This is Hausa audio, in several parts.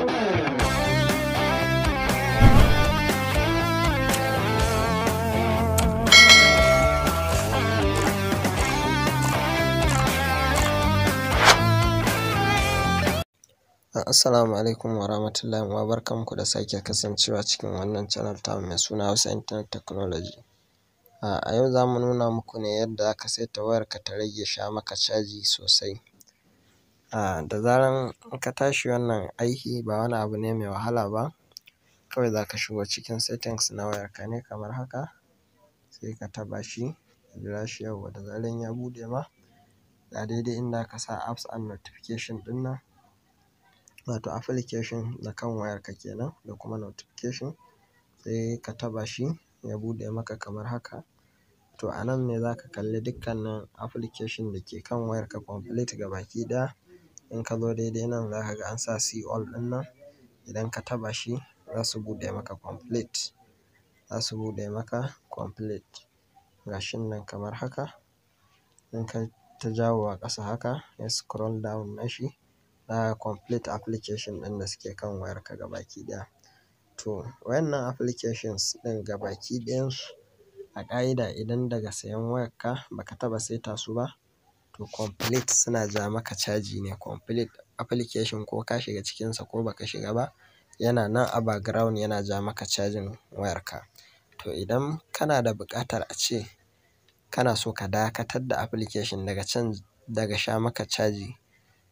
Assalamu alaikum wa rahmatullahi wa barkanku da sake kasancewa cikin wannan channel ta mai suna Hausa Internet Technology. A yau za mu nuna muku ne yadda aka saita wayarka ta rage sha maka caji sosai. da zaran in ka tashi wannan aiki ba wani abu ne mai wahala ba. Kawai za ka shigo cikin settings na wayarka ne kamar haka, sai ka taɓa shi, ka jira shi yauwa da zaran ya buɗe ma. Ga daidai inda ka sa apps and notification ɗinnan, wato application na kan wayarka kenan da kuma notification. Sai ka taɓa shi ya buɗe maka kamar haka. To a nan ne za ka kalli dukkanin application da ke kan wayarka complete gabaki ɗaya. in ka zo daidai nan za ka ga an sa see all ɗin nan idan ka taɓa shi za su buɗe maka complete za su buɗe maka complete gashin nan kamar haka in ka ta jawo a ƙasa haka ya scroll down na shi za complete application ɗin da suke kan wayarka gabaki ɗaya to wayannan applications ɗin gabaki ɗayansu a ƙa'ida idan daga sayan wayarka baka taɓa saita su ba to complete suna ja maka caji ne complete application ko ka shiga cikinsa ko baka shiga ba yana nan a background yana ja maka cajin wayarka to idan kana da buƙatar a ce kana so ka dakatar da application daga can daga sha maka caji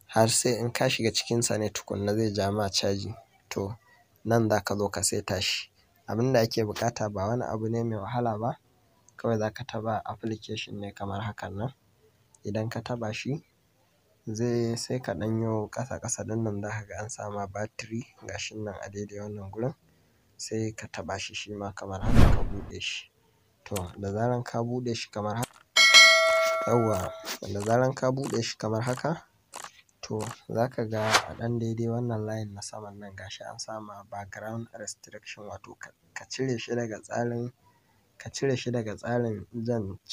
har sai in ka shiga cikinsa ne tukunna zai ja ma caji to nan za ka zo ka saita shi abin da ake bukata ba wani abu ne mai wahala ba kawai za ka taɓa application ne kamar hakan nan idan ka taɓa shi zai sai ka ɗanyo ƙasa ƙasa ɗin nan za ka ga an sa sama batiri shi nan a daidai wannan gurin sai ka taɓa shi shi ma kamar haka ka buɗe shi to da zaran ka buɗe shi kamar haka yawwa da zaran ka buɗe shi kamar haka to za ka ga a ɗan daidai wannan layin na saman nan ga shi an sa ma background restriction wato ka cire shi daga tsarin ka cire shi daga tsarin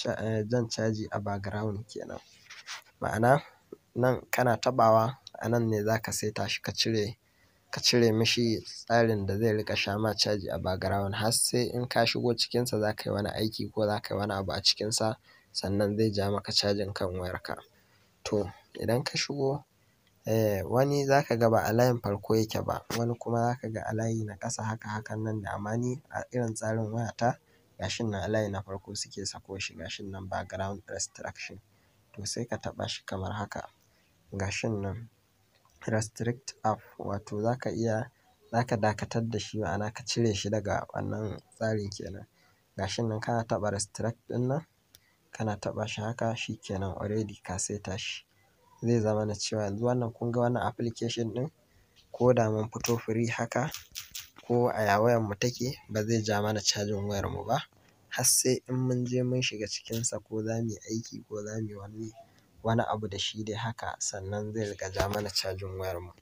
eh, jan, caji a background kenan. Ma'ana nan kana tabawa a nan ne za ka saita shi ka cire, ka cire mishi tsarin da zai riƙa sha ma caji a background har sai in ka shigo cikinsa za ka yi wani aiki ko za ka yi wani abu a cikinsa sannan zai ja maka cajin kan wayarka. To idan ka shigo, eh wani za ka ga ba a layin farko yake ba, wani kuma za ka ga a layi na ƙasa haka hakan nan da amma ni a irin tsarin wayata gashin nan layi na farko suke sako shi gashin nan background restriction to sai ka taɓa shi kamar haka gashin nan restrict app wato zaka iya zaka dakatar da shi ma'ana ka cire shi daga wannan tsarin kenan gashin nan kana taɓa restrict din nan kana taɓa shi haka shi kenan already ka seta shi zai zama na cewa yanzu wannan kunga ga wannan application din ko da mun fito free haka ko a ya wayar mu take ba zai ja mana cajin wayar mu ba har sai in mun je mun shiga cikinsa ko za mu yi aiki ko za mu yi wani wani abu da shi dai haka sannan zai riga ja mana cajin wayar mu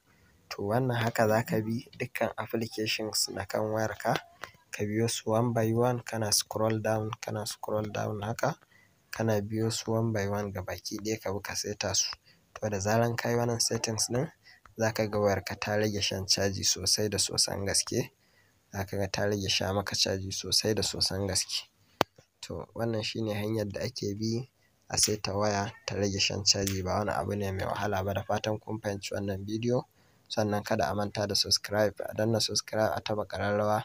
to wannan haka za ka bi dukkan applications na kan wayar ka ka biyo su one by one kana scroll down kana scroll down haka kana biyo su one by one baki ɗaya ka bi ka seta su to da zaran ka yi wannan settings ɗin za ka ga wayarka ta rage shan caji sosai da sosan gaske za ka ga ta rage sha maka caji sosai da sosan gaske to wannan shine hanyar da ake bi a sai ta waya ta rage shan caji ba wani abu ne mai wahala ba da fatan kun fahimci wannan bidiyo sannan kada a manta da subscribe a danna subscribe a taɓa ƙararrawa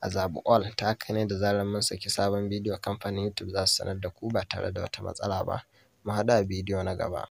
a zaɓi all ta haka ne da zarar mun saki sabon bidiyo kamfanin YouTube za su sanar da ku ba tare da wata matsala ba mu haɗu a bidiyo na gaba